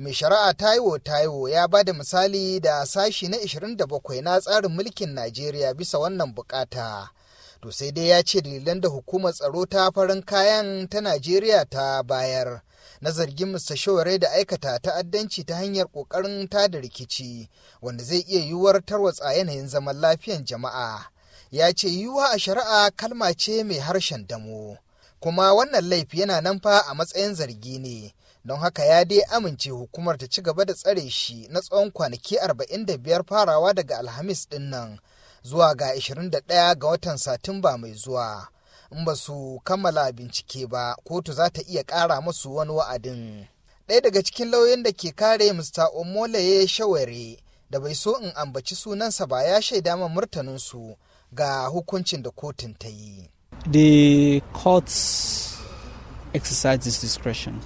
mai shari'a taiwo taiwo ya ba da misali da sashi na 27 na tsarin mulkin najeriya bisa wannan bukata to sai dai ya ce dalilan da hukumar tsaro ta farin kayan ta najeriya ta bayar na zargin Mr. Shaware da aikata ta'addanci ta hanyar ƙoƙarin da rikici wanda zai iya yiwuwar tarwatsa yanayin zaman lafiyan jama'a. Ya ce yiwuwa a shari'a kalma ce mai harshen damo. Kuma wannan laifi yana nan fa a matsayin zargi ne, don haka ya dai amince hukumar ta ci gaba da tsare shi na tsawon kwanaki 45 farawa daga alhamis din nan zuwa ga 21 ga watan satumba mai zuwa in ba su kammala bincike ba kotu za ta iya ƙara masu wani wa'adin ɗaya daga cikin lauyan da ke kare mr omolaye shaware da bai so in ambaci sunansa ba ya shaida ma murtaninsu ga hukuncin da kotun ta yi the court exercises discretion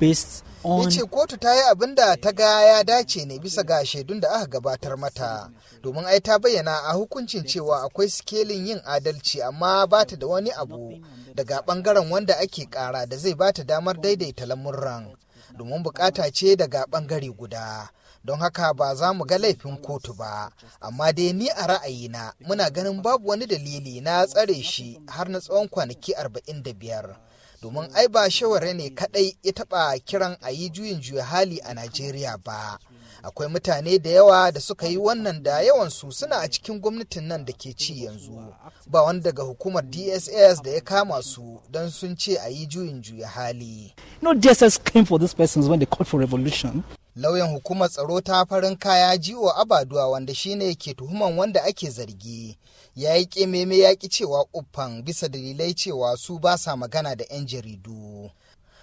based on ce kotu ta yi abin da ta ga ya dace ne bisa ga shaidun da aka gabatar mata domin ai ta bayyana a hukuncin cewa akwai sikelin yin adalci amma ba ta da wani abu daga bangaren wanda ake kara da zai ba ta damar daidaita lamurran domin bukata ce daga bangare guda don haka ba za mu ga laifin kotu ba amma dai ni a ra'ayina muna ganin babu wani dalili na tsare shi har na tsawon kwanaki arba'in da biyar, domin ai ba shawara ne kadai ya taba kiran a yi juyin juya hali a najeriya ba akwai mutane da yawa da suka yi wannan da yawansu suna a cikin gwamnatin nan da ke ci yanzu ba wani daga hukumar dss da ya kama su don sun ce a yi juyin juya hali no dss came for these persons when they called for revolution lauyan hukumar tsaro ta farin kaya jiwo abaduwa wanda shine ke tuhuman wanda ake zargi ya yi kememe ya ki cewa uffan bisa dalilai cewa su ba sa magana da 'yan jaridu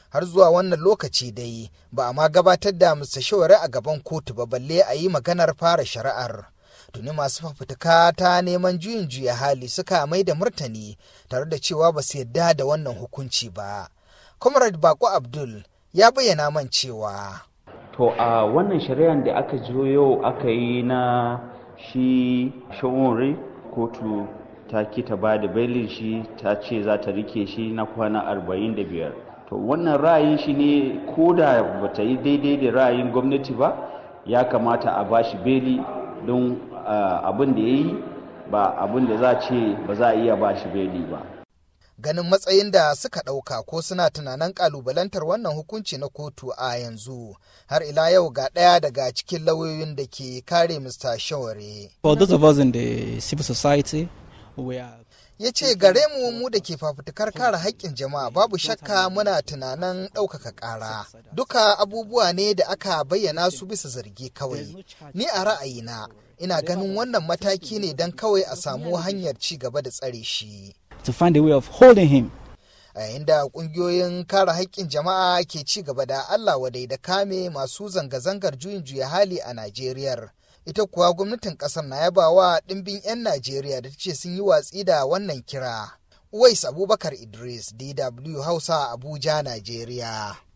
har zuwa wannan lokaci dai ba a ma gabatar da Mr. Shawari a gaban kotu ba balle a yi maganar fara shari'ar. Tuni masu fafutuka ta neman juyin juya hali suka mai da murtani tare da cewa ba su yarda da wannan hukunci ba. Comrade Bako Abdul ya bayyana man cewa. to a wannan shari'ar da aka zo yau aka yi na shi shawore kotu ta ki ta ba da bailin shi ta ce za ta rike shi na kwana biyar. to wannan ra'ayin shi ne ko da ba ta yi daidai da ra'ayin gwamnati ba ya kamata a ba shi beli don abin da ya yi ba abin da za ce ba za a iya ba shi beli ba ganin matsayin da suka ɗauka ko suna tunanin ƙalubalantar wannan hukunci na kotu a yanzu har ila yau ga ɗaya daga cikin lauyoyin da ke kare Mr. Shaware. ya ce gare mu mu da ke fafutukar kare haƙƙin jama'a babu shakka muna tunanin ɗaukaka ƙara duka abubuwa ne da aka bayyana su bisa zargi kawai ni a ra'ayina ina ganin wannan mataki ne don kawai a samu hanyar ci gaba da tsare shi to find a way of holding him. a yayin kungiyoyin kare haƙƙin jama'a ke ci gaba da Allah wadai da kame masu zanga-zangar juyin juya hali a Najeriya. Ita kuwa gwamnatin ƙasar na yaba wa ɗimbin 'yan Najeriya da ta ce sun yi watsi da wannan kira. Uwais Abubakar Idris, DW Hausa, Abuja, Najeriya.